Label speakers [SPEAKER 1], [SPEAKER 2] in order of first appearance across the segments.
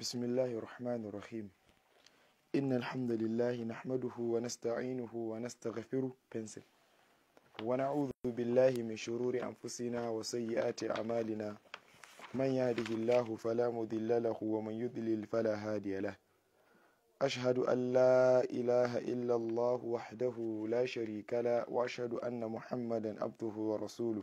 [SPEAKER 1] بسم الله الرحمن الرحيم إن الحمد لله نحمده ونستعينه ونستغفره بنسل ونعوذ بالله من شرور أنفسنا وسيئات أعمالنا من يهده الله فلا مضل له ومن يضلل فلا هادي له أشهد أن لا إله إلا الله وحده لا شريك له وأشهد أن محمدا عبده ورسوله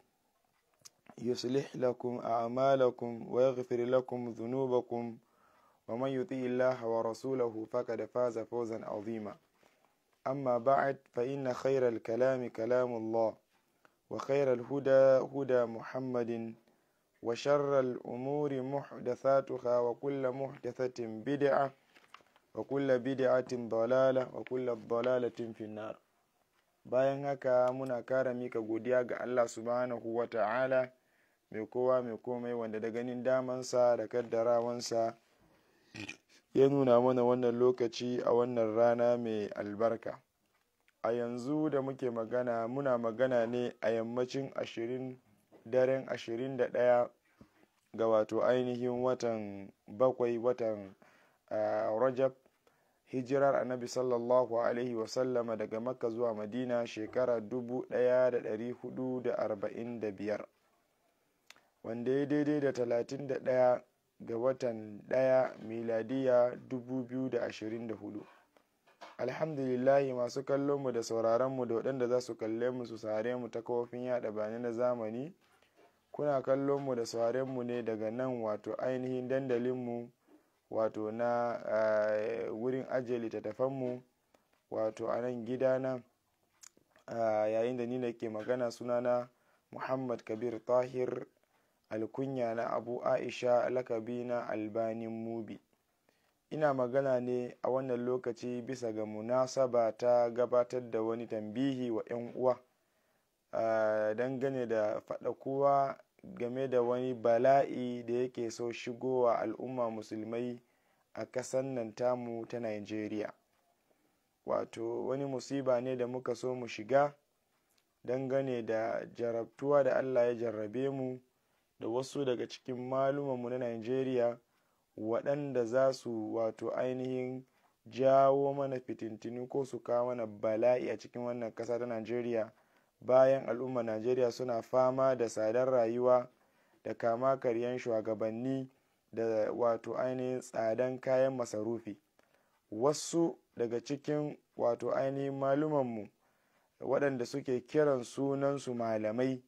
[SPEAKER 1] يصلح لكم أعمالكم ويغفر لكم ذنوبكم ومن يطيع الله ورسوله فقد فاز فوزا عظيما أما بعد فإن خير الكلام كلام الله وخير الهدى هدى محمد وشر الأمور محدثاتها وكل محدثة بدعة وكل بدعة ضلالة وكل ضلالة في النار bayan haka muna kara mika godiya ga Allah subhanahu wa ta'ala mai kowa mai komai wanda da ganin damansa da kaddarawansa ya nuna mana wannan lokaci a wannan rana mai albarka a yanzu da muke magana muna magana ne a yammacin ashirin daren ashirin da ɗaya ga wato ainihin watan bakwai watan rajab hijirar annabi sallallahu alaihi wasallama daga makka zuwa madina shekara 1445 wanda ya daidai da 31 ga watan 1 miladiya 2024 alhamdulillahi masu kallon mu da sauraron mu da waɗanda za su kalle mu su sare mu ta kafofin yada bane na zamani kuna kallon mu da sauraron mu ne daga nan wato ainihin dandalin mu wato na eh, wurin ajiye littattafan mu wato a nan gidana eh, yayin da ni nake magana sunana muhammad kabir tahir alkunya na abu aisha lakabi na albanin mubi ina magana ne a wannan lokaci bisa ga munasaba ta gabatar da wani tambihi wa 'yan uwa dangane da faɗakuwa game da wani bala'i da yake so shigowa al'umma musulmai a ƙasan nan tamu ta nigeria wato wani musiba ne da muka so mu shiga dangane da jarabtuwa da allah ya jarrabe mu da wasu daga cikin malumanmu na Najeriya waɗanda za su wato ainihin jawo mana fitintini ko su kawo mana bala'i a cikin wannan ƙasa ta Najeriya bayan al'ummar Najeriya suna fama da sadar rayuwa da kama karyan shugabanni da wato ainihin tsadan kayan masarufi wasu daga cikin wato ainihin malumanmu waɗanda suke kiran sunansu malamai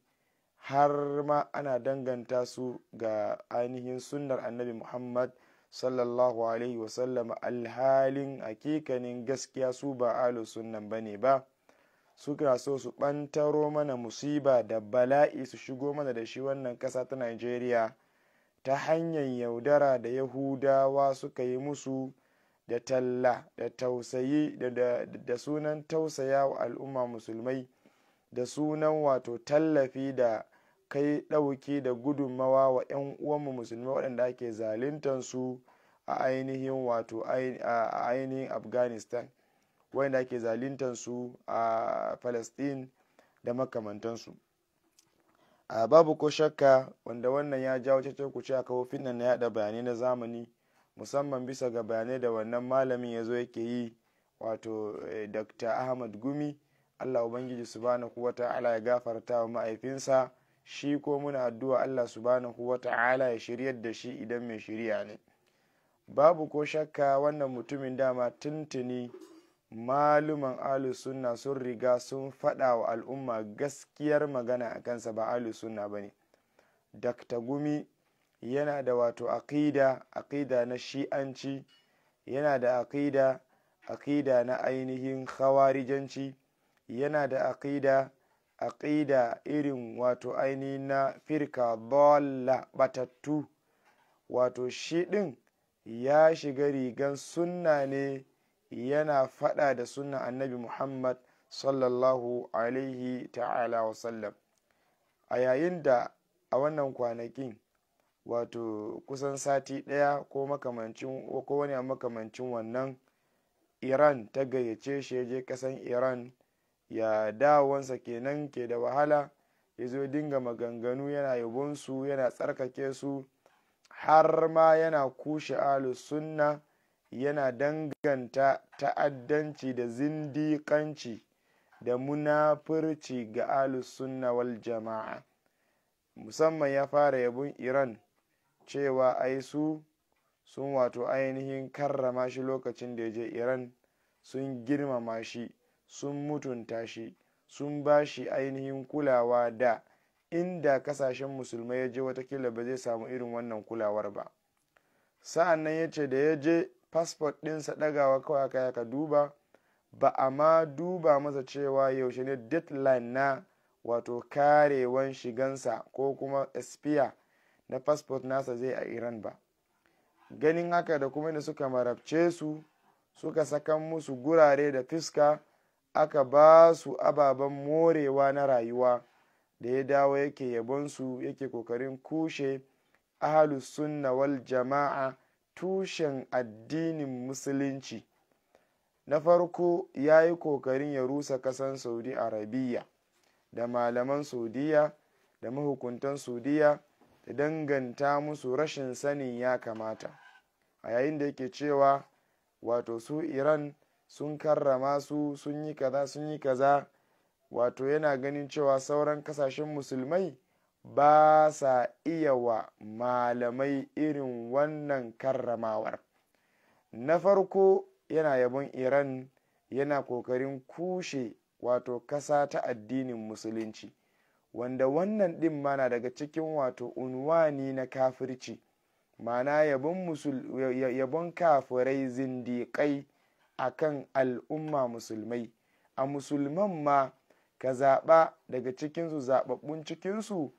[SPEAKER 1] har ma ana danganta su ga ainihin sunnar annabi muhammad sallallahu alaihi wasallam alhalin hakikanin gaskiya su ba alu sunnan bane ba su so su ɓantaro mana musiba da bala'i su shigo mana da shi wannan ƙasa ta nigeria ta hanyar yaudara da yahudawa suka yi musu da talla da tausayi da sunan tausaya wa al'umma musulmai da sunan wato tallafi da kai ɗauki da gudunmawa wa 'yan uwanmu musulmi waɗanda ake zaluntar su a ainihin wato a ainihin afghanistan waɗanda ake zaluntar su a palestine da makamantansu a babu ko shakka wanda wannan ya jawo cece kuce a kafofin nan na yada bayanai na zamani musamman bisa ga bayanai da wannan malamin ya zo yake yi wato eh, dr ahmad gumi allah ubangiji subhanahu wata ta'ala ya gafarta wa ma'aifinsa shi ko muna addu'a Allah subhanahu wa ta'ala ya shiryar da shi idan mai shirya ne babu ko shakka wannan mutumin dama tuntuni maluman alu sunna sun riga sun faɗa wa al'umma gaskiyar magana a kansa ba alu sunna ba ne dakta gumi yana da wato aƙida aƙida na shi'anci yana da aƙida aƙida na ainihin khawarijanci yana da aƙida aƙida irin wato aini na firka dola batattu wato shi ɗin ya shiga rigan sunna ne yana faɗa da sunna annabi muhammad sallallahu alaihi ta'ala wasallam a yayin da a wannan kwanakin wato kusan sati ɗaya ko makamancin ko wani makamancin wannan iran ta gayyace shi ya je kasan iran ya dawansa kenan ke da wahala ya zo dinga maganganu yana yabonsu yana tsarkake su har ma yana kushe sunna yana danganta ta'addanci da zindiƙanci da munafurci ga sunna wal jama'a musamman ya fara yabon iran cewa ai su sun wato ainihin karrama shi lokacin da ya je iran sun girmama shi sun mutunta shi sun ba shi ainihin kulawa da inda kasashen musulmai ya je watakila ba zai samu irin wannan kulawar ba sa'an nan ya ce da ya je fasfot ɗinsa ɗagawa kawai ka yaka duba ba a ma duba masa cewa yaushe ne deadline na wato karewan shigansa ko kuma expire na fasfot nasa zai a iran ba ganin haka da kuma da suka marabce su suka sakan musu gurare da fiska aka ba su ababen morewa na rayuwa da ya dawo yake yabonsu yake kokarin kushe ahalus sunna wal jama'a tushen addinin musulunci na farko ya yi kokarin ya rusa kasan saudi arabiya da malaman saudiya da mahukuntan saudiya da danganta musu rashin sanin ya kamata a yayin da yake cewa wato su iran sun karrama su sun yi kaza sun yi kaza wato yana ganin cewa sauran kasashen musulmai ba sa iya wa malamai irin wannan karramawar na farko yana yabon iran yana kokarin kushe wato kasa ta addinin musulunci wanda wannan ɗin mana daga cikin wato unwani na kafirci mana yabon, yabon kafirai zindiƙai a kan al'umma musulmai a musulman ma ka zaɓa daga cikinsu zaɓaɓɓun cikinsu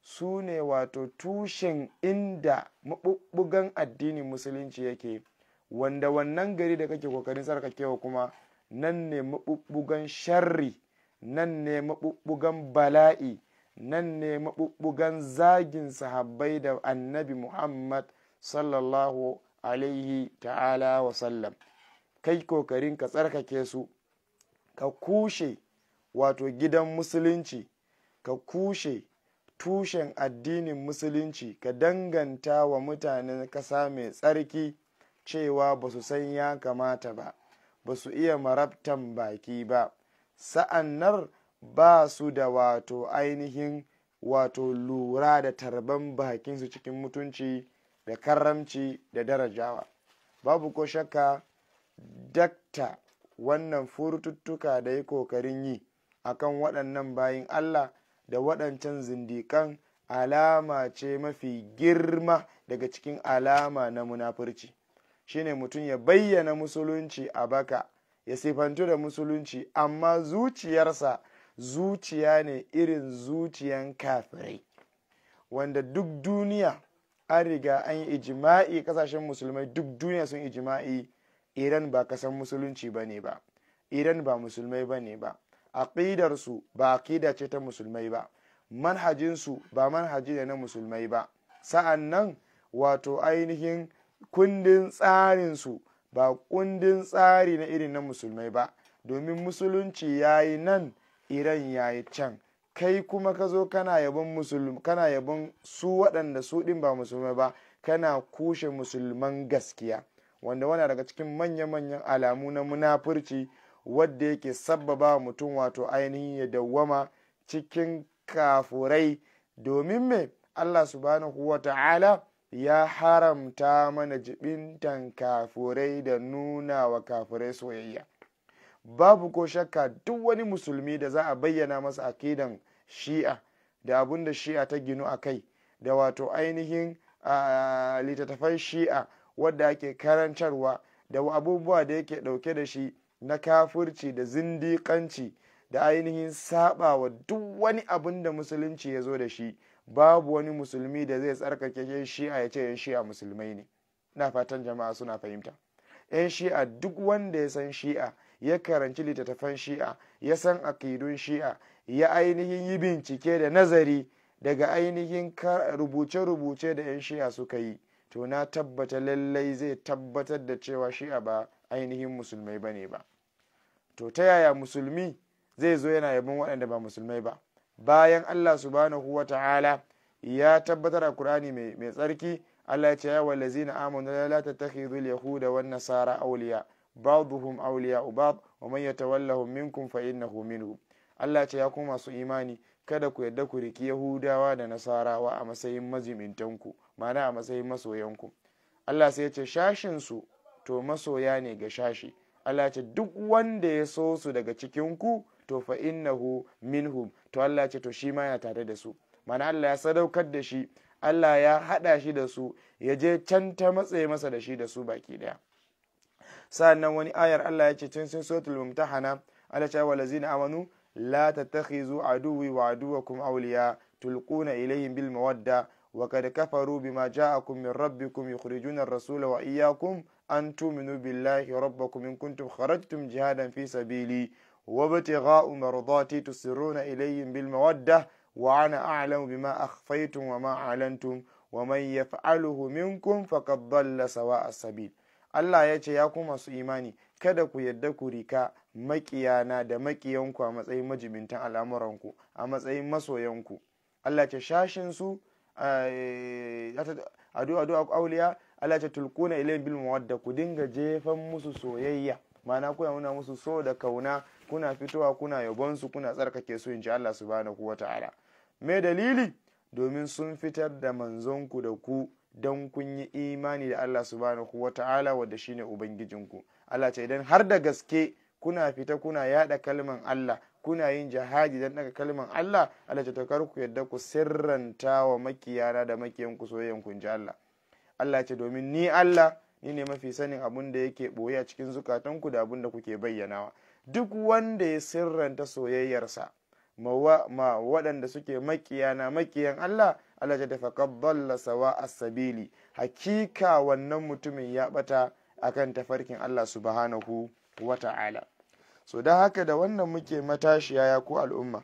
[SPEAKER 1] su ne wato tushen inda maɓuɓɓugan addinin musulunci yake wanda wannan gari da kake kokarin sarkakewa kuma nan ne maɓuɓɓugan sharri nan ne maɓuɓɓugan bala'i nan ne maɓuɓɓugan zagin sahabbai da annabi muhammad sallallahu alaihi ta'ala wa sallam kai kokarin ka tsarkake su ka kushe wato gidan musulunci ka kushe tushen addinin musulunci ka danganta wa mutanen ƙasa mai tsarki cewa ba su san ya kamata ba ba su iya marabtan baki ba sa'annar ba su da wato ainihin wato lura da tarban bakinsu cikin mutunci da karamci da darajawa babu ko shakka dakta wannan furtuttuka da ya kokarin yi a kan waɗannan bayan Allah da waɗancan zindiƙan alama ce mafi girma daga cikin alama na munafurci shine mutum ya bayyana musulunci a baka ya sifantu da musulunci amma zuciyarsa zuciya ne irin zuciyan kafirai wanda duk duniya an riga an yi ijima'i kasashen musulmai duk duniya sun ijima'i iran ba kasan musulunci ba ne ba iran ba musulmai ba ne ba aƙidarsu ba aƙida ce ta musulmai ba manhajinsu ba manhaji ne na musulmai ba sa'an nan wato ainihin kundin tsarinsu ba kundin tsari na irin na musulmai ba domin musulunci ya yi nan iran ya yi can kai kuma ka zo kana yabon musulm kana yabon su waɗanda su ɗin ba musulmai ba kana kushe musulman gaskiya wanda wana daga cikin manya-manyan alamu na munafurci wadda yake sabbaba mutum wato ainihin ya dawwama cikin kafurai domin me Allah subhanahu wa ta'ala ya haramta mana jibintan kafurai da nuna wa kafurai soyayya babu ko shakka duk wani musulmi da za a bayyana masa akidan shi'a da abun da shi'a ta ginu a kai da wato ainihin ah, littattafan shi'a wadda ake karantarwa da abubuwa da yake ɗauke da shi na kafirci da zindiƙanci da ainihin saɓawa duk wani abin da musulunci ya zo da shi babu wani musulmi da zai tsarkake yan shi'a ya ce yan shi'a musulmai ne na fatan jama'a suna fahimta yan shi'a duk wanda ya san shi'a ya karanci littattafan shi'a ya san akidun shi'a ya ainihin yi bincike da nazari daga ainihin rubuce-rubuce da yan shi'a suka yi to na tabbata lallai zai tabbatar da cewa shi'a ba ainihin musulmai ba ne ba to ta yaya musulmi zai zo yana yabon waɗanda ba musulmai ba bayan allah subhanahu wa ta'ala ya tabbatar a kur'ani mai tsarki allah ya ce ya lazi na amanu la tattakhidhu yahuda wan nasara ba ba'dhum auliya Ubab, wa man yatawallahum minkum fa innahu minhum allah ce ya kuma su imani kada ku yadda ku riki yahudawa da nasarawa a matsayin mazimintanku ma'ana a matsayin masoyanku Allah sai ya ce shashinsu to masoya ne ga shashi Allah ce duk wanda ya so su daga cikinku to fa innahu minhum to Allah ce to shi ma ya tare da su Ma'ana Allah ya sadaukar da shi Allah ya hada shi da su ya je can ta matsaye masa da shi da su baki ɗaya nan wani ayar Allah ya ce cin sun suratul mumtahana Allah ce wa lazina amanu la tattakhizu aduwi wa aduwakum awliya tulquna ilayhim bil mawadda wa kad kafaru bima ja'akum min rabbikum yukhrijuna ar-rasula wa iyyakum an tu'minu billahi rabbakum in kuntum kharajtum jihadan fi sabili wa ibtigha'u mardati tusirruna ilayhim bil mawaddah bi ana a bima akhfaytum wa ma a'lantum wa man yaf'aluhu minkum faqad dhalla sawa'a sabil Allah ya ce ya ku masu imani kada ku yadda ku rika makiyana da makiyanku a matsayin majimintan al'amuranku a matsayin masoyanku Allah ce shashin su adu auliya Allah ta tulquna ilayhim bil mawadda ku dinga jefan musu soyayya ma'ana kuna nuna musu so da kauna kuna fitowa kuna yabon su kuna tsarkake su inji Allah subhanahu wata'ala me dalili domin sun fitar da manzonku da ku don kun yi imani da Allah subhanahu wata'ala wanda shine ubangijinku Allah ce idan har da gaske kuna fita kuna yada kalman Allah kuna yin jihadi dan daga kalman Allah Allah ta ku yadda ku sirranta wa makiyana da makiyan ku soyayyan ku Allah Allah ce domin ni Allah ni ne mafi sanin abun da yake boye a cikin ku da abun da kuke bayyanawa duk wanda ya sirranta soyayyarsa ma waɗanda suke makiyana makiyan Allah Allah ta tafi sawa as-sabili hakika wannan mutumin ya bata akan tafarkin Allah subhanahu wa ta'ala so don haka da wannan muke matashiya ya ku al'umma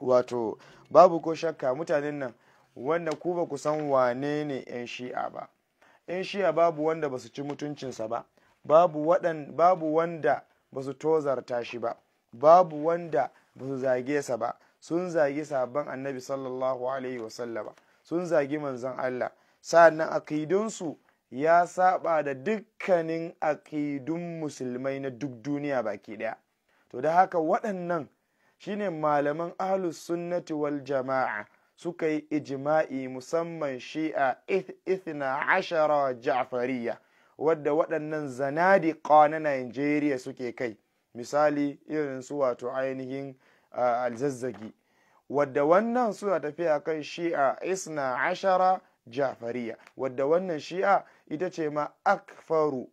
[SPEAKER 1] wato babu ko shakka mutanen nan wanda ku ba ku san wane ne 'yan shi'a ba 'yan shi'a babu wanda ba su ci mutuncinsa ba babu, wanda ba su tozarta shi ba babu wanda ba su zage sa ba sun zagi sabon annabi sallallahu alaihi wasallama sun zagi manzon Allah sa'annan akidunsu ya saba da dukkanin aƙidun musulmai na duk duniya baki ɗaya to da haka waɗannan shine malaman ahlus sunnati wal jama'a suka yi ijima'i musamman shi'a ithna ashara ja'fariya wadda waɗannan zanadiƙa na Najeriya suke kai misali irin su wato ainihin alzazzagi wadda wannan suna tafiya kan shi'a isna ashara ja'fariya wadda wannan shi'a ita ce ma akfaru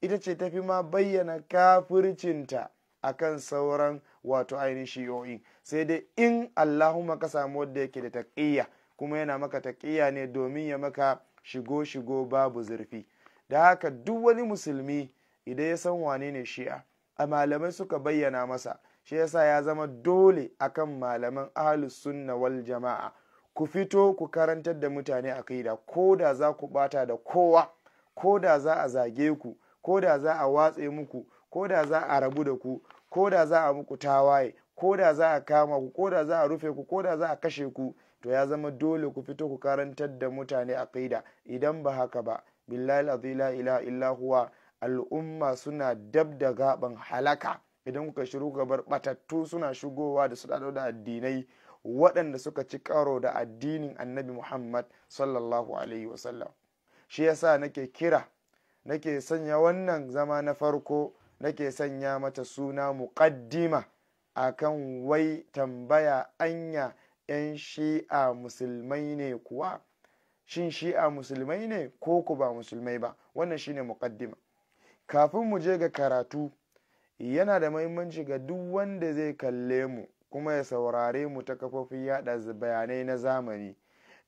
[SPEAKER 1] ita ce tafi ma bayyana kafircinta akan sauran wato ainihin shiyoyi sai dai in allahumma ka samu wadda yake da taƙiyya kuma yana maka taƙiyya ne domin ya maka shigo shigo babu zurfi da haka duk wani musulmi idan ya san wane ne shi'a a malamai suka bayyana masa shi yasa ya zama dole akan malaman ahlus sunna wal jama'a ku fito ku karantar da mutane a kaida ko da za ku bata da kowa ko da za a zage ku ko da za a watse muku ko da za a rabu da ku ko da za a muku tawaye ko da za a kama ku ko da za a rufe ku ko da za a kashe ku to ya zama dole ku fito ku karantar da mutane a kaida. idan ba haka ba billahi la illa huwa al'umma suna dab da gaban halaka idan kuka shiru gabar batattu suna shigowa da su da addinai waɗanda suka ci karo da addinin annabi muhammad sallallahu alaihi wasallam shi yasa nake kira nake sanya wannan zama na farko nake sanya mata suna muƙaddima a kan wai tambaya anya 'yan shi'a musulmai ne kuwa shin shi'a musulmai ne ko ku ba musulmai ba wannan shi ne muƙaddima kafin mu je ga karatu yana da mahimmanci ga duk wanda zai kalle mu kuma ya saurare mu ta kafofin yada bayanai na zamani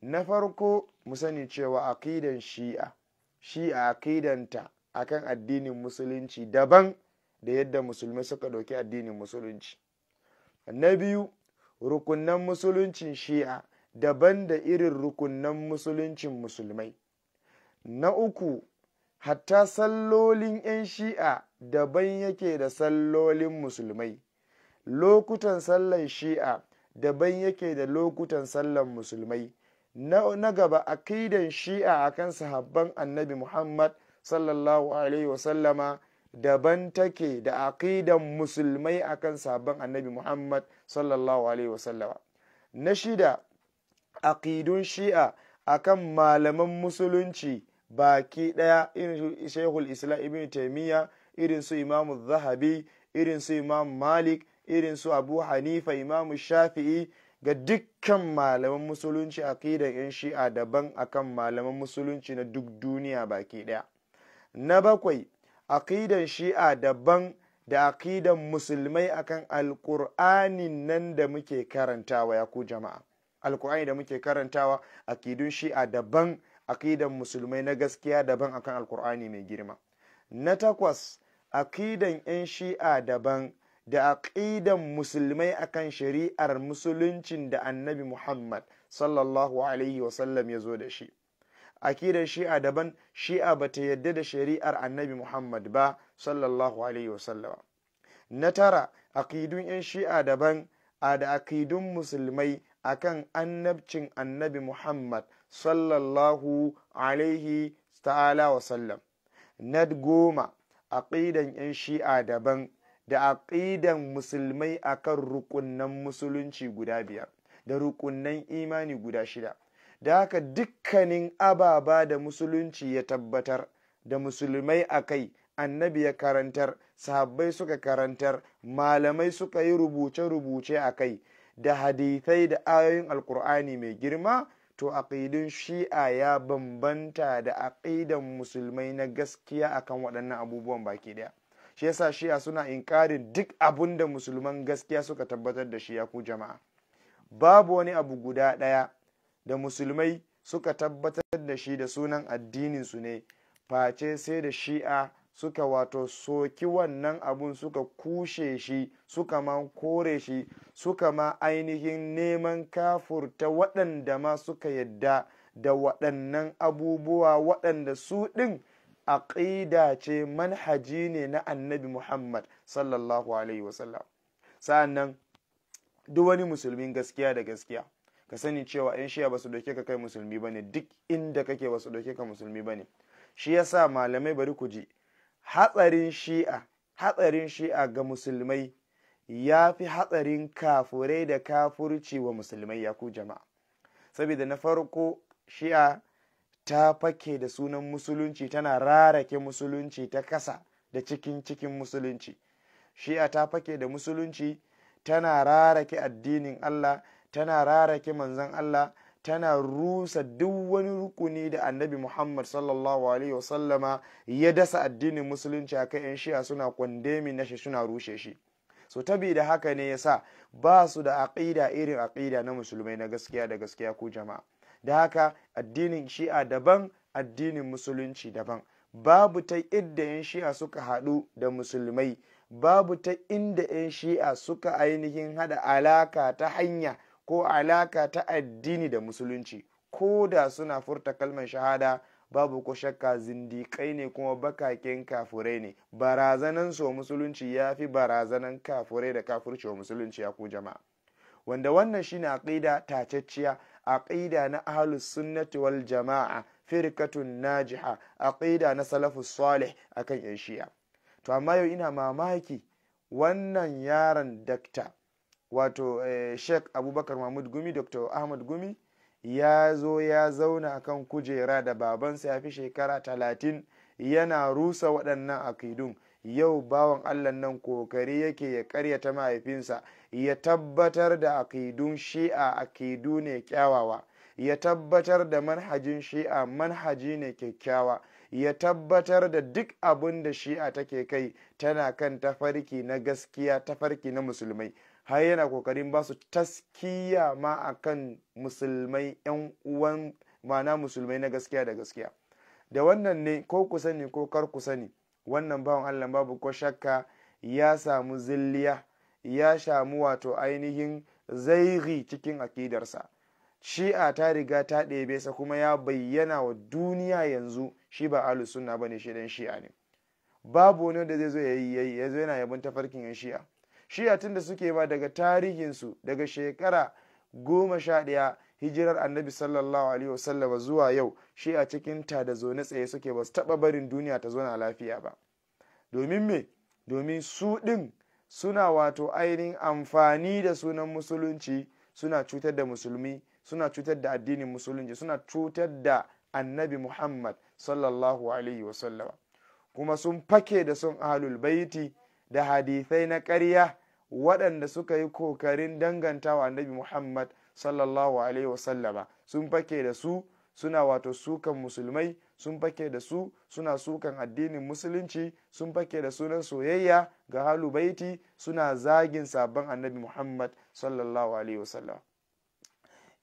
[SPEAKER 1] na farko mu sani cewa akidan shi'a shi'a akidanta akan addinin musulunci daban da yadda musulmai suka ɗauki addinin musulunci na biyu rukunan musuluncin shi'a daban da irin rukunan musuluncin musulmai na uku hatta sallolin 'yan shi'a daban yake da sallolin musulmai lokutan sallan shi'a daban yake da lokutan sallan musulmai na gaba akidan shi'a akan sahabban annabi muhammad sallallahu alaihi wasallama daban take da aqidan musulmai akan sahabban annabi muhammad sallallahu alaihi wasallama na shida akidun shi'a akan malaman musulunci baki ɗaya irin shehul islam taimiyya irin su imamu zahabi irin su imam malik irin su abu hanifa imamu shafi'i ga dukkan malaman musulunci aqidan yan shi'a daban akan malaman musulunci na duk duniya baki ɗaya na bakwai aqidan shi'a daban da aqidan musulmai akan alkur'ani nan da muke karantawa ya ku jama'a alkur'ani da muke karantawa akidun shi'a daban aqidan musulmai na gaskiya daban akan alkur'ani mai girma na takwas aqidan 'yan shi'a daban da aqidan musulmai akan shari'ar musuluncin da annabi Muhammad sallallahu alaihi wasallam ya zo da shi akidar shi'a daban shi'a ba ta yadda da shari'ar annabi Muhammad ba sallallahu alaihi wasallam na tara akidun 'yan shi'a daban a da akidun musulmai akan annabcin annabi Muhammad sallallahu alaihi ta'ala wasallam na goma aqidan 'yan shi'a daban da aƙidan musulmai akan rukunnan musulunci guda biyar da rukunnan imani guda shida da haka dukkanin ababa da musulunci ya tabbatar da musulmai akai annabi ya karantar sahabbai suka karantar malamai suka yi rubuce-rubuce akai da hadithai da ayoyin alkur'ani mai girma to aƙidun shi'a ya bambanta da aƙidan musulmai na gaskiya akan waɗannan abubuwan baki ɗaya. shi yasa shiya suna inkarin duk abun da musulman gaskiya suka tabbatar da shi ya ku jama'a babu wani abu guda ɗaya da musulmai suka tabbatar da shi da sunan addinin su ne face sai da shi'a suka wato soki wannan abun suka kushe shi suka ma kore shi suka ma ainihin neman kafurta waɗanda ma suka yadda da waɗannan abubuwa waɗanda su ɗin aƙida ce manhaji ne na annabi muhammad sallallahu alaihi wasallam sa'annan duk wani musulmin gaskiya da gaskiya ka sani cewa yan shiya ba su doke ka kai musulmi bane duk inda kake ba su doke ka musulmi bane shi yasa malamai bari ku ji hatsarin shi'a hatsarin shi'a ga musulmai ya fi hatsarin kafurai da kafurci wa musulmai ya ku jama'a saboda na farko shi'a ta fake da sunan musulunci tana rarake musulunci ta kasa da cikin cikin musulunci shi'a ta fake da musulunci tana rarake addinin Allah tana rarake manzon Allah tana rusa duk wani rukuni da annabi Muhammad sallallahu alaihi wasallama ya dasa addinin musulunci a yan shi'a suna kwandemi nashi nashi suna rushe shi so tabi da haka ne ya sa ba su da aƙida irin aƙida na musulmai na gaskiya da gaskiya ko jama'a da haka addinin shi'a daban addinin musulunci daban babu ta idda 'yan shi'a suka haɗu da musulmai babu ta inda 'yan shi'a suka ainihin haɗa alaka ta hanya ko alaka ta addini da musulunci ko da suna furta kalmar shahada babu ko shakka zindikai ne kuma bakaken kafurai ne barazanan so musulunci ya fi barazanan kafurai da kafurcewa musulunci ya ku jama'a wanda wannan shine aqida tacecciya aqida na ahlus sunnati wal jama'a firkatun najiha aqida na salafu salih akan yan shi'a to amma yau ina mamaki wannan yaron dakta wato eh, sheikh abubakar mahmud gumi dr ahmad gumi ya zo ya zauna akan kujera da babansa ya fi shekara talatin yana rusa waɗannan akidun yau bawan allah nan kokari yake ya karyata mahaifinsa ya tabbatar da akidun shi'a akidu ne kyawawa ya tabbatar da manhajin shi'a manhaji ne kyakkyawa ya tabbatar da duk abin da shi'a take kai tana kan tafarki na gaskiya tafarki na musulmai har yana kokarin ba su taskiya ma akan musulmai yan uwan mana musulmai na gaskiya da gaskiya da wannan ne ko ku sani ko kar ku sani wannan bawan allah babu ko shakka ya samu zilliya ya samu wato ainihin zaihi cikin akidarsa shi'a ta riga ta ɗebe sa kuma ya bayyana wa duniya yanzu shi ba suna ba ne shi dan shi'a ne babu wani da zai zo ya yayi ya zo yana yabon tafarkin yan shi'a shi'a tun da suke ba daga tarihinsu daga shekara goma sha ɗaya hijirar annabi sallallahu alaihi wasallam zuwa yau shi a cikin ta da zaune tsaye suke ba su taba barin duniya ta zauna lafiya ba domin me domin su din suna wato ainihin amfani da sunan musulunci suna cutar da musulmi suna cutar da addinin musulunci suna cutar da annabi muhammad sallallahu alaihi wasallam kuma sun fake da sun ahlul baiti da hadithai na ƙarya waɗanda suka yi kokarin dangantawa annabi muhammad sallallahu alaihi wasallama sun fake da su suna wato sukan musulmai sun fake da su suna sukan addinin musulunci sun fake da sunan soyayya ga halu baiti suna zagin sabon annabi muhammad sallallahu alaihi wasallam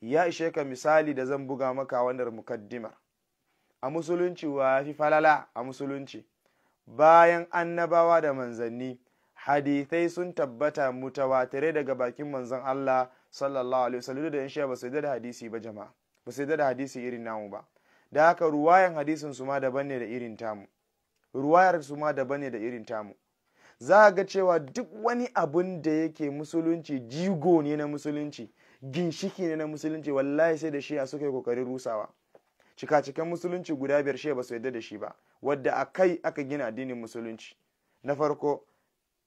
[SPEAKER 1] ya ishe ka misali da zan buga maka wannan mukaddimar a musulunci wa fi falala a musulunci bayan annabawa da manzanni hadithai sun tabbata mutawatire daga bakin manzan Allah sallallahu alaihi wasallam da ba su da hadisi ba jama'a ba su da hadisi irin namu ba da haka ruwayan hadisin su ma daban ne da irin tamu ruwayar su ma daban ne da irin tamu za a ga cewa duk wani abun da yake musulunci jigo ne na musulunci ginshiki ne na musulunci wallahi sai da shi a suka yi kokarin rusawa cika-cikan musulunci guda biyar shi ba su yadda da shi ba wadda a kai aka gina addinin musulunci na farko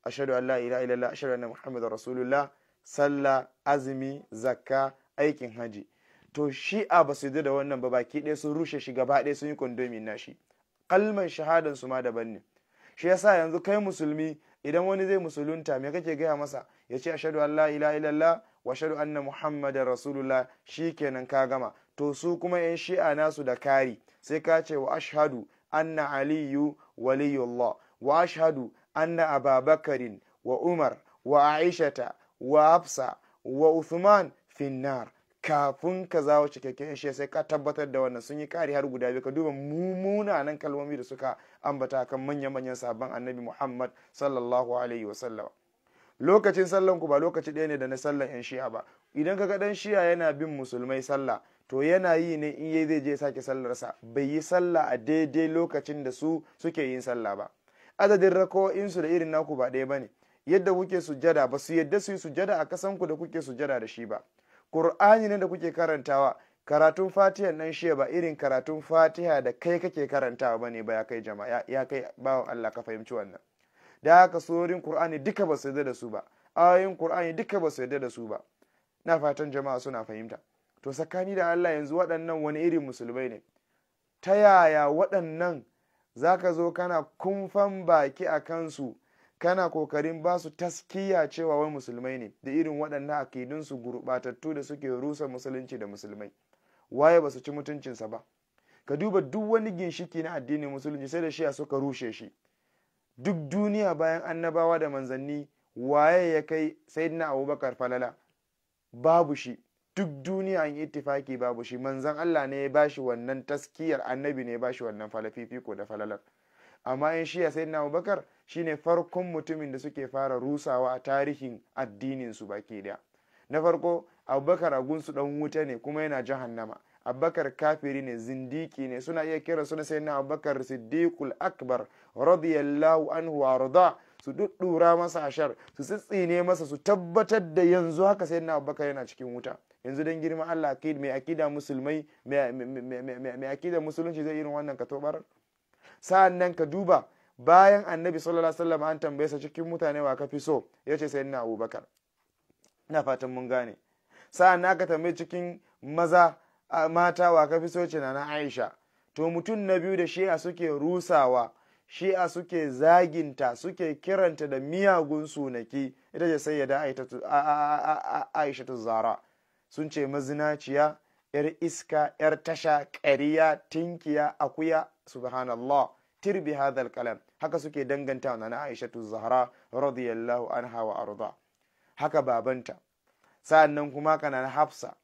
[SPEAKER 1] ashadu an la ilaha illallah ashadu anna muhammadar rasulullah sallah azumi zakka aikin haji to shi'a ba su da wannan ba baki ɗaya sun rushe shi gaba ɗaya sun yi na shi kalman shahadan su ma daban ne shi yasa yanzu kai musulmi idan wani zai musulunta me kake gaya masa ya ce ashadu an la ila illallah wa ashadu anna muhammadan rasulullah kenan ka gama to su kuma yan shi'a nasu da kari sai ka ce wa ashadu anna aliyu waliyullah wa ashadu anna ababakarin wa umar wa aishata wa hafsa wa uthman finnar kafin ka zawo cikakken shi sai ka tabbatar da wannan sun yi kari har guda biyu ka duba nan kalmomi da suka ambata kan manya-manyan sabon annabi muhammad sallallahu alaihi sallam lokacin sallan ku ba lokaci ɗaya ne da na sallan yan shi'a ba idan ka ga dan shi'a yana bin musulmai sallah to yana yi ne in yayi zai je sake sa bai yi sallah a daidai lokacin da su suke yin sallah ba adadin insu da irin naku ba ɗaya ba ne yadda kuke sujada ba su yadda su yi sujada a kasan ku da kuke sujada da shi ba qur'ani ne da kuke karantawa karatun fatiha nan shi ba irin karatun fatiha da kai kake karantawa bane ba ya kai jama'a ya kai bawan Allah ka fahimci wannan da haka surorin qur'ani duka ba su yarda da su ba ayoyin qur'ani duka ba su yarda da su ba na fatan jama'a suna fahimta to tsakani da Allah yanzu waɗannan wani irin musulmai ne ta yaya waɗannan zaka zo kana kumfan baki a kansu kana kokarin ba su taskiya cewa wai musulmai ne da irin waɗannan akidunsu gurɓatattu da suke rusa musulunci da musulmai waye ba su ci mutuncinsa ba ka duba duk wani ginshiki na addinin musulunci sai da shi a suka rushe shi duk duniya bayan annabawa da manzanni waye ya kai sai na abubakar falala babu shi duk duniya an ittifaki babu shi manzan allah ne ya bashi wannan taskiyar annabi ne ya bashi wannan falafifiko da falalar amma yan shiya na abubakar shine farkon mutumin da suke fara rusawa a tarihin addininsu baki daya na farko abubakar agunsu dan wuta ne kuma yana jahannama abubakar kafiri ne zindiki ne suna iya kira suna sai na abubakar siddiqul akbar radiyallahu anhu arda su duddura masa ashar su tsitsine masa su tabbatar da yanzu haka sai na abubakar yana cikin wuta yanzu dan girma Allah akid mai akida musulmai mai akida musulunci zai irin wannan katobar sa'an nan ka duba bayan annabi sallallahu alaihi wasallam an tambaye sa cikin mutane wa ka fi so ya ce sayyidina abubakar ina fatan mun gane sa'an nan ka tambaye cikin maza mata wa ka fi so ce na aisha to mutum na biyu da shi'a suke rusawa shi'a suke zaginta suke kiranta da miyagun sunaki ita ce sai aisha ta zara sun ce mazinaciya yar iska yar tasha ƙariya tinkiya akuya subhanallah tirbi hadal kalam haka suke danganta na Aisha aishatu zahra radiyallahu anha wa arda haka babanta sa'annan kuma kana hafsa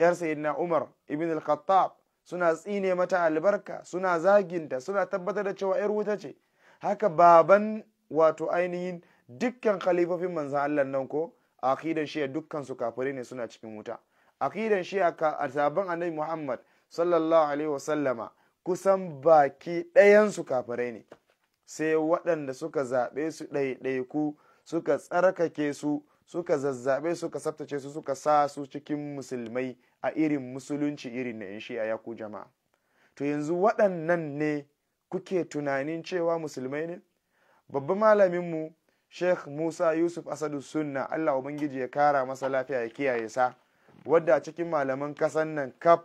[SPEAKER 1] yar sayyidina umar ibn al-khattab suna tsine mata albarka suna zaginta suna tabbatar da cewa yar wuta ce haka baban wato ainihin dukkan khalifofin manzan Allah nan ko aqidan shi dukkan su kafire ne suna cikin wuta aqidan shi a sabon annabi Muhammad sallallahu alaihi wasallama kusan baki ɗayansu kafirai ne sai waɗanda suka zaɓe su ɗaiɗaiku suka tsarkake su suka zazzaɓe suka tsaftace su suka sa su cikin musulmai a irin musulunci irin na in shi'a ya ku jama'a to yanzu waɗannan ne kuke tunanin cewa musulmai ne babban malaminmu sheikh musa yusuf asadu sunna allah ubangiji ya kara masa lafiya ya kiyaye sa wadda a cikin malaman kasan nan kaf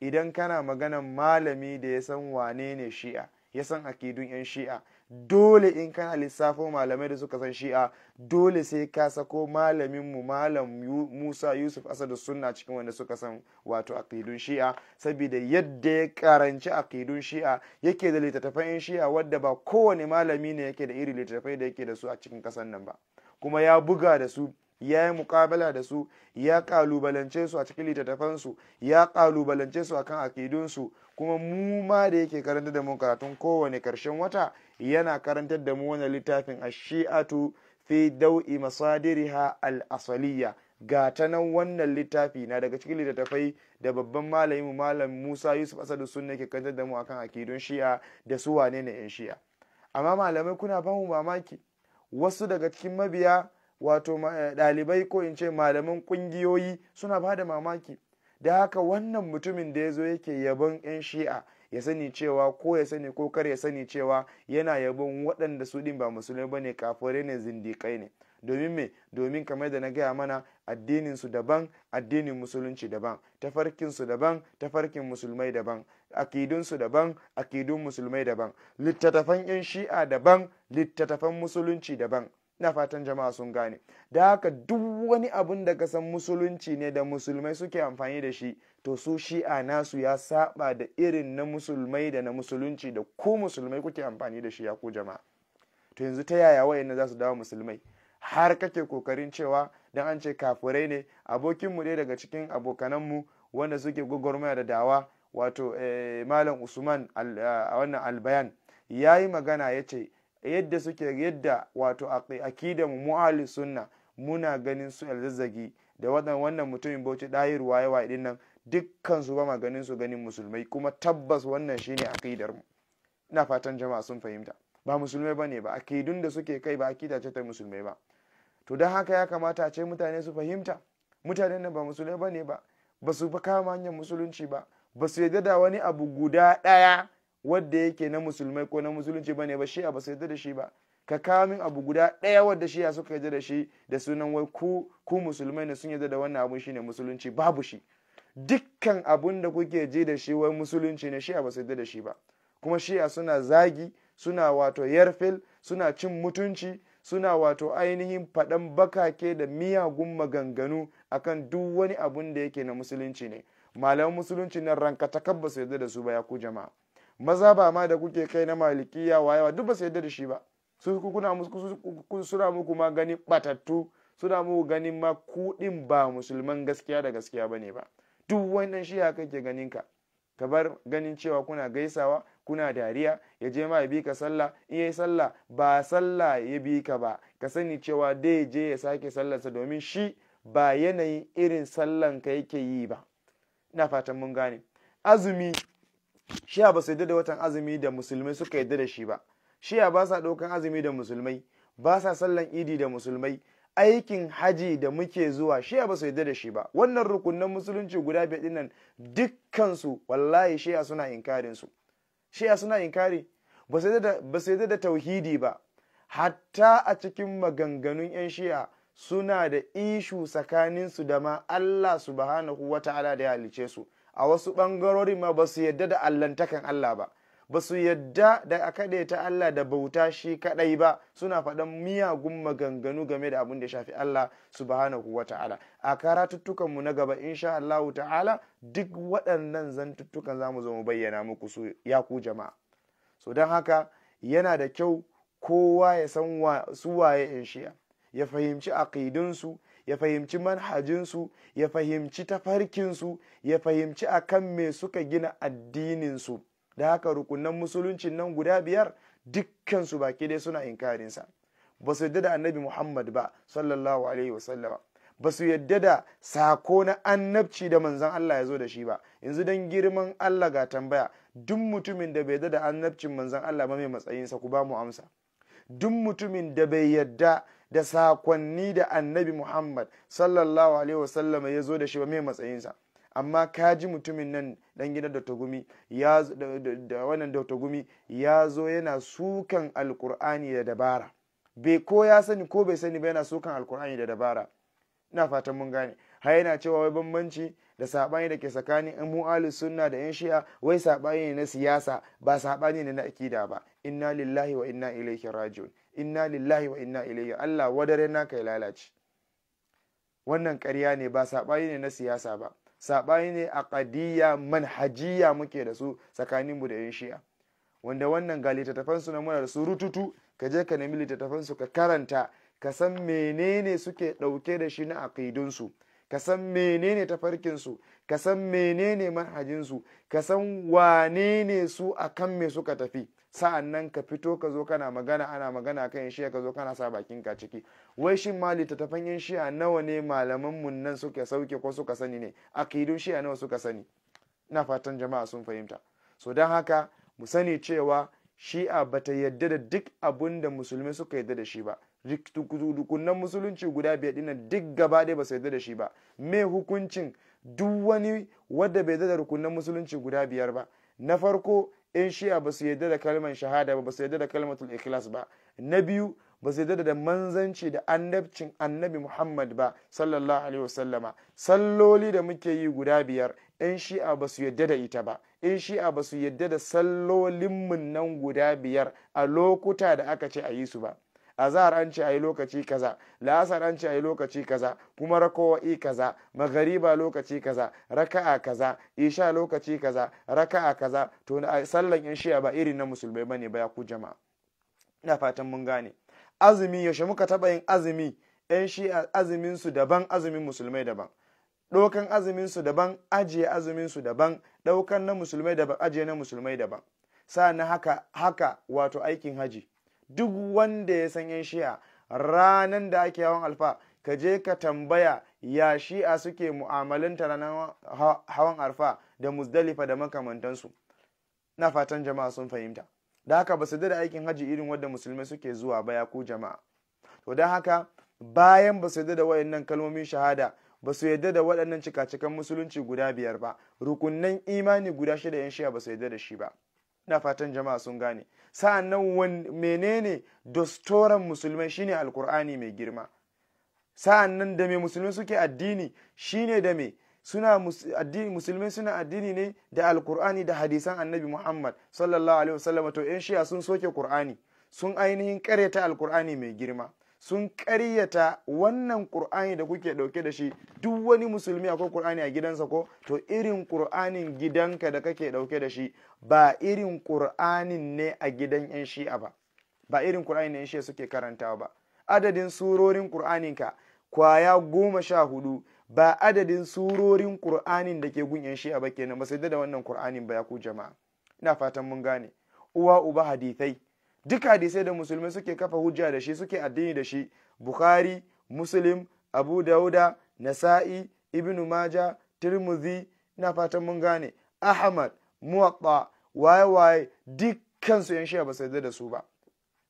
[SPEAKER 1] idan kana maganan malami da ya san wane ne shi'a ya san akidun 'yan shi'a dole in kana lissafo malamai da suka san shi'a dole sai ka sako malaminmu malam musa yusuf asadu sunna cikin wanda suka san wato akidun shi'a saboda yadda ya karanci akidun shi'a yake da littattafan 'yan shi'a wadda ba kowane malami ne yake da iri littattafai da yake da su a cikin kasan nan ba kuma ya buga da su ya yi mukabala da su ya kalubalance su a cikin littattafansu ya kalubalance su akan akidunsu kuma mu ma da yake karanta da mu karatun kowane karshen wata yana karantar da mu wannan littafin ashi'atu fi dau'i masadiriha al asaliyya ga ta nan wannan littafi na daga cikin littattafai da babban malamin mu malam Musa Yusuf Asadu Sunna ke karantar da mu akan akidun Shi'a da su wane ne yan Shi'a amma malamai kuna ban mamaki wasu daga cikin mabiya wato eh, ɗalibai ko in ce malaman ƙungiyoyi suna ba da mamaki da haka wannan mutumin da ya zo yake yabon 'yan shi'a ya sani cewa ko ya sani ko kar ya sani cewa yana yabon waɗanda su ɗin ba musulmai ba ne kafirai ne zindikai ne domin me domin kamar da na gaya mana addinin su daban addinin musulunci daban tafarkin su daban tafarkin musulmai daban akidun su daban akidun musulmai daban littattafan yan shi'a daban littattafan musulunci daban na fatan jama'a sun gane da haka duk wani abin da kasan musulunci ne da musulmai suke amfani da shi to su shi'a nasu ya saba da irin na musulmai da na musulunci da ku musulmai kuke amfani da shi ya ku jama'a to yanzu ta yaya wayanne za su dawo musulmai har kake kokarin cewa dan an ce kafirai ne abokinmu ne daga cikin abokananmu wanda suke gwagwarmaya da dawa wato eh, malam usman eh, a wannan albayan ya yi magana ya ce yadda suke yadda wato akidan mu ahli sunna muna ganin su alzazzagi da wannan mutumin bauchi ɗahir yawa waye din nan dukkan su ba ma ganin su ganin musulmai kuma tabbas wannan shine akidar mu ina fatan jama'a sun fahimta ba musulmai bane ba akidun da suke kai ba akida ce ta musulmai ba to don haka ya kamata a ce mutane su fahimta mutanen nan ba musulmai bane ba ba su kama hanyar musulunci ba ba su yadda da wani abu guda ɗaya wadda yake na musulmai ko na musulunci bane ba shi'a ba su yarda da shi ba ka kamin abu guda ɗaya wadda shi'a suka yarda da shi da sunan wai ku ku musulmai ne sun yarda da wannan abun shine musulunci babu shi dukkan abun da kuke ji da shi wai musulunci ne shi'a ba su yarda da shi ba kuma shi'a suna zagi suna wato yarfil suna cin mutunci suna wato ainihin faɗan bakake da miyagun maganganu akan duk wani abun da yake na musulunci ne malaman musulunci nan ranka takabba su yarda da su ba ya ku jama'a maza ba ma da kuke kai na malikiya yawa duk ba su yadda da shi ba su kuna musu suna muku ma ganin batattu suna muku ganin ma kuɗin ba musulman gaskiya da gaskiya bane ba duk wannan shi haka ke ganin ka ka bar ganin cewa kuna gaisawa kuna dariya ya je ma ya bi ka sallah in yayi sallah ba sallah ya bi ka ba ka sani cewa dai je ya sake sallarsa domin shi ba yanayin irin sallan ka yake yi ba ina fatan mun gane azumi shiya ba su yadda da watan azumi da musulmai suka yadda da shi ba shiya ba sa ɗaukan azumi da musulmai ba sa sallan idi da musulmai aikin haji da muke zuwa shiya ba su yadda da shi ba wannan rukunan musulunci guda biyar dinnan dukkansu wallahi shiya suna inkarin su shiya suna inkari ba su yadda da tauhidi ba hatta a cikin maganganun 'yan shiya suna da ishu tsakaninsu da ma Allah subhanahu wa ta'ala da ya halice su a wasu ɓangarorin ma ba su yadda da allantakan Allah ba ba su yadda da a ta Allah da bauta shi kaɗai ba suna faɗan miyagun maganganu game da abin da shafi Allah su subhanahu wa ta'ala a tuttukanmu na gaba insha Allah ta'ala duk waɗannan zantuttukan za mu zo bayyana muku su ya ku jama'a so don haka yana da kyau kowa ya san su waye in shi'a ya fahimci aƙidunsu ya fahimci manhajinsu ya fahimci tafarkinsu ya fahimci akan me suka gina addininsu da haka rukunan musuluncin nan guda biyar dukkansu baki dai suna inkarinsa ba su yadda da annabi muhammad ba sallallahu alaihi wasallama ba su yadda da sako na annabci da manzan Allah ya zo da shi ba yanzu don girman Allah ga tambaya duk mutumin da bai yadda da annabcin manzan Allah ba mai matsayinsa ku ba mu amsa duk mutumin da bai yadda da sakonni da annabi Muhammad sallallahu alaihi wasallam ya zo da shi ba mai matsayinsa amma kaji mutumin nan dan gidan da tagumi ya da wannan da tagumi ya zo yana sukan alkur'ani da dabara bai ko ya sani ko bai sani ba yana sukan alkur'ani da dabara ina fatan mun gane Ha yana cewa wai bambanci da sabani da ke tsakanin mu ahlus sunna da yan shi'a wai sabani ne na siyasa ba sabani ne na akida ba inna lillahi wa inna ilaihi rajiun inna lillahi wa inna ilayhi Allah wadare naka ya lalace wannan ƙarya ne ba saɓani ne na siyasa ba saɓani ne a ƙadiyya manhajiya muke da su tsakaninmu da 'yan shi'a wanda wannan ga littattafansu na muna da surututu. rututu ka je ka nemi littattafansu ka karanta ka san menene suke ɗauke da shi na aƙidunsu ka san menene tafarkinsu ka san menene manhajinsu ka san wane ne su akan me suka tafi sa'an nan ka fito ka zo kana magana ana magana kan yin shiya ka zo kana sa bakin ka ciki wai shin ma littattafan yan shiya nawa ne malaman mun nan suka sauke ko suka sani ne akidun shiya nawa suka sani na fatan jama'a sun fahimta so don haka mu sani cewa shi'a bata yadda da duk abun da musulmi suka yadda da shi ba rukunan musulunci guda biyar dinnan duk gaba ɗaya ba su yadda da shi ba me hukuncin duk wani wadda bai yadda da rukunan musulunci guda biyar ba na farko in shi'a ba su yarda da kalmar shahada ba ba su da kalmatul ikhlas ba na biyu basu su yarda da manzanci da annabcin annabi muhammad ba sallallahu alaihi wasallama salloli da muke yi guda biyar in shi'a ba su yarda da ita ba in shi'a ba su yarda da sallolinmu nan guda biyar a lokuta da aka ce a yi su ba A an ce yi lokaci kaza la'asar an ce a yi lokaci kaza kuma rakawa'i kaza magariba lokaci kaza raka'a kaza isha lokaci kaza raka'a kaza to sallan yan shi ba irin na musulmai ba ne ku jama'a ina fatan mun gane azumi yaushe muka taɓa yin azumi yan shi'a azumin su daban azumin musulmai daban ɗaukan azumin su daban ajiye azumin su daban ɗaukan na musulmai daban ajiye na musulmai daban sa'an haka haka wato aikin haji duk wanda ya san yan shi'a ranan da ake hawan alfa ka je ka tambaya ya shi'a suke mu'amalanta ranar hawan alfa da musdalifa da makamantansu na fatan jama'a sun fahimta da haka ba su da aikin haji irin wadda musulmai suke zuwa baya ko jama'a to don haka bayan ba su da waɗannan kalmomin shahada ba su yadda da waɗannan cika musulunci guda biyar ba rukunnan imani guda shida yan shiya ba su yadda da shi ba na fatan jama'a sun gane sa'annan menene dostoran musulmai shine alkur'ani mai girma sa'annan da mai musulmai suke addini shine da mai suna addini musulmai suna addini ne da alkur'ani da hadisan annabi muhammad sallallahu alaihi wasallam to yan shiya sun soke qur'ani sun ainihin kareta alkur'ani mai girma sun karyata wannan ƙur'ani da kuke ɗauke da shi duk wani musulmi akwai ƙur'ani a gidansa ko to irin ƙur'anin gidanka da kake ɗauke da shi ba irin ƙur'anin ne a gidan 'yan shi'a ba ba irin ƙur'ani ne 'yan shi'a suke karantawa ba adadin surorin ƙur'aninka kwaya goma sha hudu ba adadin surorin ƙur'anin da ke gun 'yan shi'a ba kenan ba sai da wannan ƙur'anin ba ya ku jama'a ina fatan mun gane uwa uba hadithai duk hadisai da musulmai suke kafa hujja da shi suke addini da shi bukhari muslim abu dauda nasa'i ibnu maja tirmidhi ina fatan mun gane ahmad muwatta waye waye dukkan su yan shi'a ba su da su ba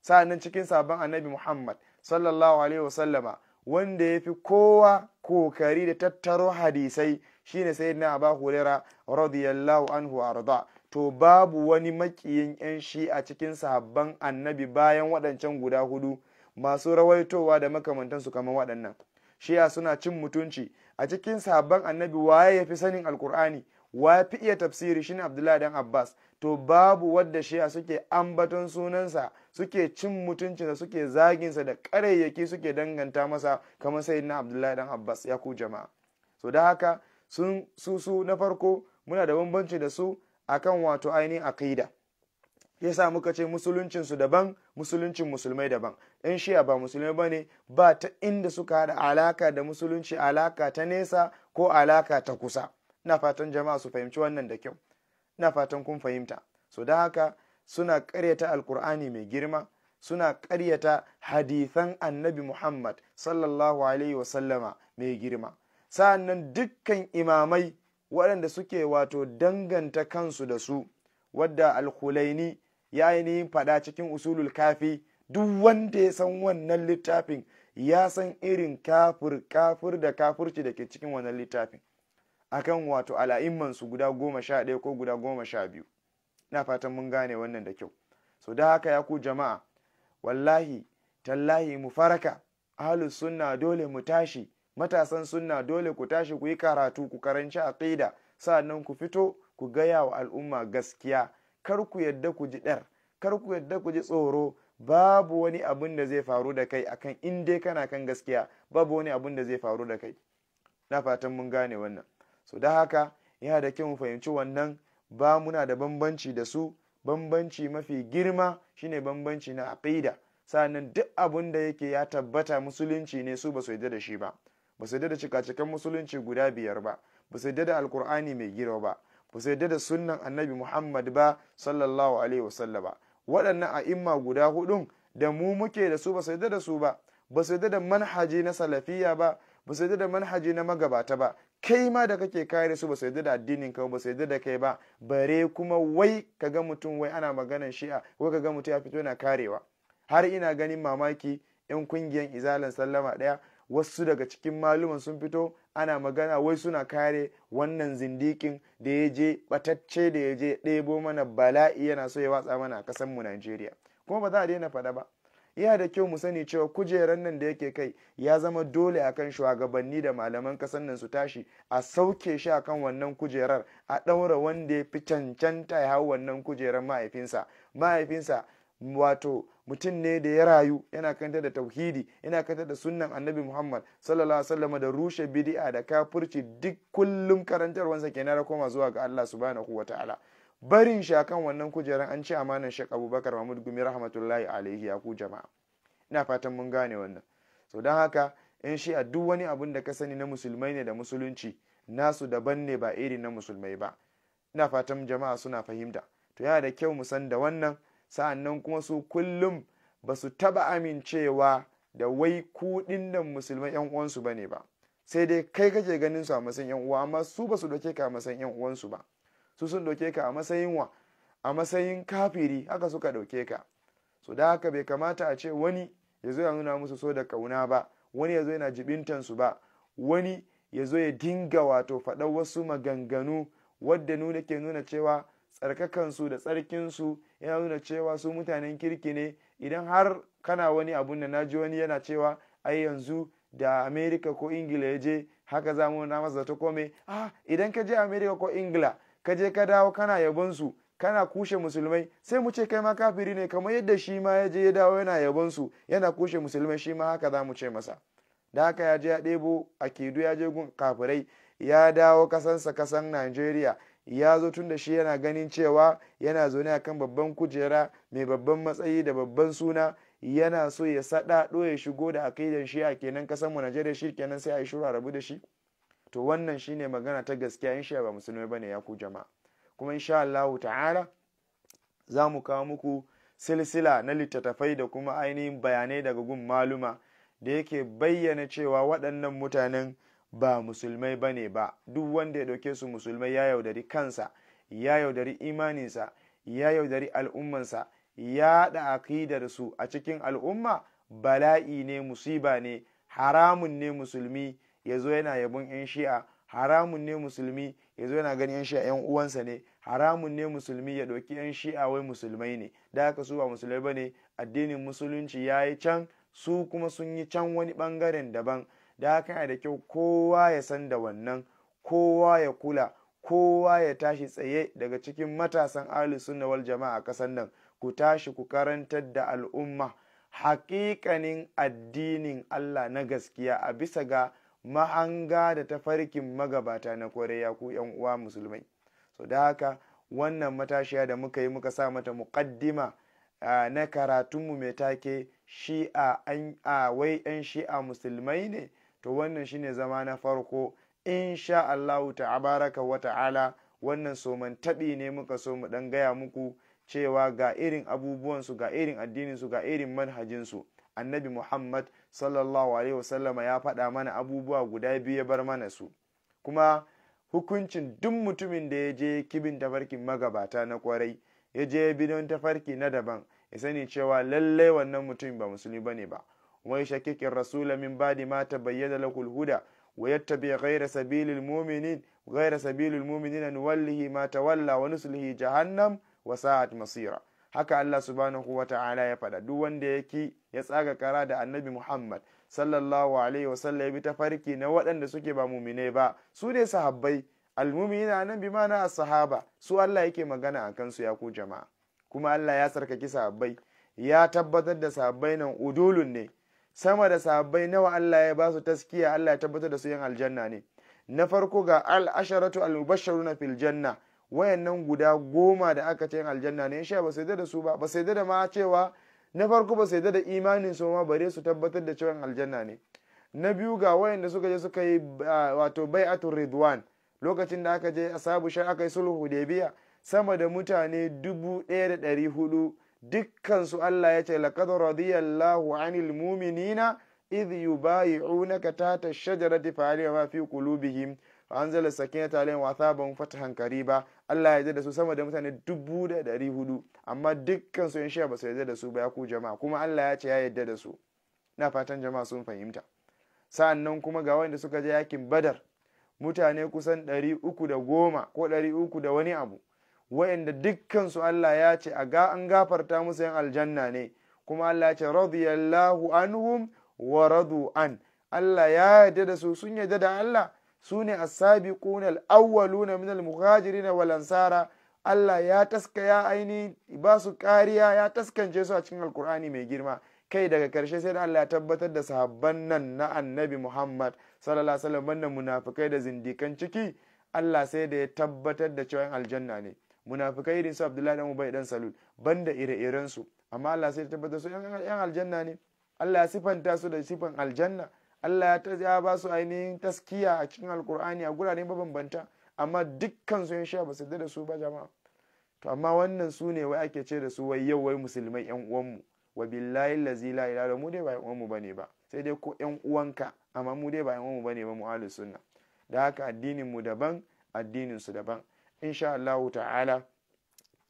[SPEAKER 1] sa'annan cikin sabon annabi muhammad sallallahu alaihi wasallama wanda ya fi kowa kokari da tattaro hadisai shine sayyidina abu hurairah radiyallahu anhu arda to babu wani makiyin 'yan a cikin sahabban annabi bayan waɗancan guda hudu masu rawaitowa da makamantansu kamar waɗannan shi'a suna cin mutunci a cikin sahabban annabi waye ya fi sanin alkur'ani waye fi iya tafsiri shine abdullahi dan abbas to babu wadda shi'a suke ambaton sunansa suke cin mutunci da suke zaginsa da ƙarayyaki suke danganta masa kamar "sai na abdullahi dan abbas ya ku jama'a so da haka sun su su na farko muna da bambanci da su akan wato ainihin aqida yasa muka ce musuluncin su daban musuluncin musulmai daban in shi'a ba musulmai bane ba ta inda suka hada alaka da musulunci alaka ta nesa ko alaka ta kusa Ina fatan jama'a su fahimci wannan da kyau Ina fatan kun fahimta so da haka suna karyata alkur'ani mai girma suna karyata hadithan annabi muhammad sallallahu alaihi wasallama mai girma sa'annan dukkan imamai waɗanda suke wato danganta kansu da su wadda alkulaini ya ainihin faɗa cikin usulul kafi duk wanda ya san wannan littafin ya san irin kafir kafir da kafirci da ke cikin wannan littafin akan wato ala'imman su guda goma sha ɗaya ko guda goma sha biyu na fatan mun gane wannan da kyau so da haka ya ku jama'a wallahi tallahi mu faraka ahlus sunna dole mu tashi matasan sunna dole ku tashi ku yi karatu ku karanci aqida sa'annan ku fito ku gaya wa al'umma gaskiya kar ku yadda ku ji ɗar kar ku yadda ku ji tsoro babu wani abin da zai faru da kai akan in dai kana kan gaskiya babu wani abin da zai faru da kai na fatan mun gane wannan so da haka yana da kyau mu fahimci wannan ba muna da bambanci da su bambanci mafi girma shine bambanci na aqida sannan duk abin da yake ya tabbata musulunci ne su ba su yarda da shi ba ba su yadda da cikakken musulunci guda biyar ba ba su yadda da alkur'ani mai girma ba ba su yadda da sunnan annabi muhammad ba sallallahu alaihi ba waɗannan a'imma guda hudun da mu muke da su ba su yadda da su ba ba su yadda da manhaji na salafiya ba ba su yadda da manhaji na magabata ba kai ma da kake kare su ba su yadda da addinin ka ba su yadda da kai ba bare kuma wai ka ga mutum wai ana maganan shi'a wai ka ga mutum ya fito na karewa har ina ganin mamaki yan kungiyan izalan sallama ɗaya wasu daga cikin maluman sun fito ana magana wai suna kare wannan zindikin da ya je batacce da ya je ɗebo mana bala'i yana so ya watsa mana a ƙasar mu Najeriya kuma ba za a daina faɗa ba yana da kyau mu sani cewa kujerar nan da yake kai ya zama dole akan shugabanni da malaman ƙasan nan su tashi a sauke shi akan wannan kujerar a ɗaura wanda ya fi cancanta ya hau wannan kujerar mahaifinsa mahaifinsa wato mutum ne da ya rayu yana kanta da tauhidi yana kanta da sunnan annabi muhammad sallallahu alaihi wasallam da rushe bid'a da kafirci duk kullum karantar wansa ke da koma zuwa ga allah subhanahu wataala barin shi akan wannan kujeran an ci amanan shek abubakar mahmud gumi rahmatullahi alaihi ya ku jama'a ina fatan mun gane wannan so don haka in shi a duk wani abun da ka sani na musulmai ne da musulunci nasu daban ne ba irin na musulmai ba ina fatan jama'a suna fahimta to yana da kyau mu san da wannan sa'an nan kuma su kullum ba su taba amincewa da wai kuɗin nan musulman yan uwansu ba ne ba sai dai kai kake ganin su a matsayin yan uwa amma su ba su doke ka a matsayin yan uwansu ba su sun doke ka a matsayin wa a matsayin kafiri haka suka doke ka su da haka bai kamata a ce wani ya zo ya nuna musu so da kauna ba wani ya zo yana jibintan su ba wani ya zo ya dinga wato faɗa wasu maganganu wadda nuna ke nuna cewa tsarkakansu da tsarkinsu yana nuna cewa su mutanen kirki ne idan har kana wani abun da naji wani yana cewa ai yanzu da america ko ingila ya je haka za mu na masa ta kome ah idan ka je america ko ingila ka je ka dawo kana yabon su kana kushe musulmai sai mu ce kai ma kafiri ne kamar yadda shi ma ya je ya dawo yana yabon su yana kushe musulmai shi ma haka za mu ce masa da haka ya je ya ɗebo akidu ya je gun kafirai ya dawo kasansa kasan Najeriya ya zo tun da shi yana ganin cewa yana zaune a kan babban kujera mai babban matsayi da babban suna yana so ya saɗa ya shigo da akidan shi a kenan kasan mu najeriya shi kenan sai a yi shura rabu da shi to wannan shine magana ta gaskiya in ba musulmai bane ya ku jama'a kuma insha Allah ta'ala za mu kawo muku silsila na littattafai da kuma ainihin bayanai daga gun maluma da yake bayyana cewa waɗannan mutanen ba musulmai bane ba duk wanda ya ɗauke su musulmai ya yaudari kansa ya yaudari imaninsa ya yaudari al'ummansa ya da akidar su a cikin al'umma bala'i ne musiba ne haramun ne musulmi ya zo yana yabon 'yan shi'a haramun ne musulmi ya zo yana ganin 'yan shi'a 'yan uwansa ne haramun ne musulmi ya ɗauki 'yan shi'a wai musulmai ne da haka su ba musulmai ba ne addinin musulunci ya yi can su kuma sun yi can wani ɓangaren daban da haka yana da kyau kowa ya san da wannan kowa ya kula kowa ya tashi tsaye daga cikin matasan ahli sunna wal jama'a kasan nan ku tashi ku karantar da al'umma haƙiƙanin addinin Allah na gaskiya a bisa ga mahanga da tafarkin magabata na koreya ya ku yan uwa musulmai so da haka wannan matashiya da muka yi muka sa mata muƙaddima na karatunmu mai take shi'a wai 'yan shi'a musulmai ne to wannan shine zama na farko insha Allahu ta'abaraka wa ta'ala wannan soman taɓi ne muka so mu ɗan gaya muku cewa ga irin abubuwansu ga irin addininsu ga irin manhajinsu annabi muhammad sallallahu alaihi wasallama ya faɗa mana abubuwa guda biyu ya bar mana su kuma hukuncin duk mutumin da ya je kibin tafarkin magabata na kwarai ya je bidon tafarki na daban ya sani cewa lallai wannan mutum ba musulmi bane ba ويشكك الرسول من بعد ما تبين له الهدى ويتبع غير سبيل المؤمنين غير سبيل المؤمنين نوله ما تولى ونسله wa sa'ad masira. haka Allah subhanahu wa ta'ala ya faɗa duk wanda ya ki ya tsaga kara da annabi Muhammad sallallahu alaihi wasallam ya bi ta farki na waɗanda suke ba mumine ba su ne sahabbai almumina nan bi mana as-sahaba su Allah yake magana a kansu ya ku jama'a kuma Allah ya sarkaki sahabbai ya tabbatar da sahabbai nan udulun ne sama da sahabbai nawa Allah ya basu taskiya Allah ya tabbatar da su yin aljanna ne na farko ga al-asharatu al-mubashsharuna fil janna wayannan guda goma da aka ce yin aljanna ne insha ba sai da su ba ba sai da ma cewa na farko ba sai da imanin su ma bare su tabbatar da cewa aljanna ne na biyu ga wayanda suka je suka yi wato bai'atul ridwan lokacin da aka je ashabu shar aka yi sulhu da biya sama da mutane dubu ɗaya da ɗari hudu dukkansu Allah ya ce laqad radiyallahu anil mu'minina idh yubayi'unaka tahta shajarati fa'alima ma fi qulubihim fa anzala sakinata alayhim wa athabahum fatahan qariba Allah ya yarda da su sama da mutane dubu da dari hudu amma dukkan su sha ba su yarda da su ba ku jama'a kuma Allah ya ce ya yadda da su na fatan jama'a sun fahimta sa'annan kuma ga wanda suka je yakin badar mutane kusan ɗari uku da goma ko 300 da wani abu Wa'inda dukkansu Allah ya ce a ga an gafarta musu yan aljanna ne kuma Allah ya ce radiyallahu anhum wa radu an Allah ya yarda da su sun yarda da Allah su ne as-sabiqun al-awwaluna min al-muhajirin wal ansara Allah ya taska ya aini ba su kariya ya taskance su a cikin alkur'ani mai girma kai daga karshe sai da Allah ya tabbatar da sahabban nan na annabi Muhammad sallallahu alaihi wasallam munafikai da zindikan ciki Allah sai da ya tabbatar da cewa aljanna ne munafikai irin su abdullahi dan ubay dan salul banda ire-iren su amma Allah sai ya tabbatar su yan aljanna ne Allah ya sifanta su da sifan aljanna Allah ya ba su ainihin taskiya a cikin alkur'ani a gurare mabambanta amma dukkan su yan sha ba su da su ba jama'a to amma wannan su ne wai ake ce da su wai yau wai musulmai yan uwanmu wa billahi allazi la ilaha mu dai ba yan uwanmu bane ba sai dai ko yan uwanka amma mu dai ba yan uwanmu bane ba mu da haka addinin mu daban addinin su daban insha Allah ta'ala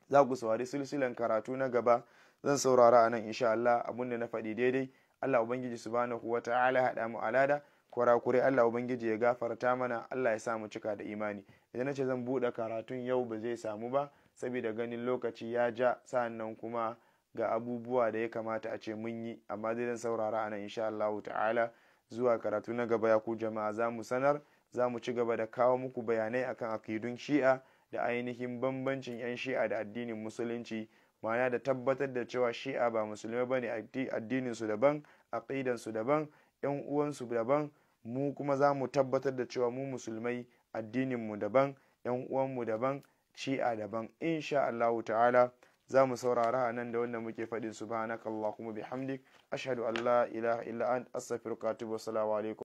[SPEAKER 1] za ku saurari silsilan karatu na gaba zan saurara a nan insha Allah abin da na faɗi daidai Allah ubangiji subhanahu wa ta'ala haɗa mu alada kurakure Allah ubangiji ya gafarta mana Allah ya sa mu cika da imani idan na ce zan buɗe karatun yau ba zai samu ba saboda ganin lokaci ya ja sannan kuma ga abubuwa da ya kamata a ce mun yi amma zai zan saurara a nan insha Allah ta'ala zuwa karatu na gaba ya ku jama'a za mu sanar za mu ci gaba da kawo muku bayanai akan akidun shi'a da ainihin bambancin 'yan shi'a da addinin musulunci ma'ana da tabbatar da cewa shi'a ba musulmai ba ne addinin su daban aqidan su daban yan uwansu daban mu kuma za mu tabbatar da cewa mu musulmai addinin mu daban yan uwanmu daban shi'a daban insha Allah ta'ala za mu saurara a nan da wanda muke faɗin subhanakallahumma bihamdik ashhadu an la ilaha illa ant astaghfiruka wa atubu assalamu alaikum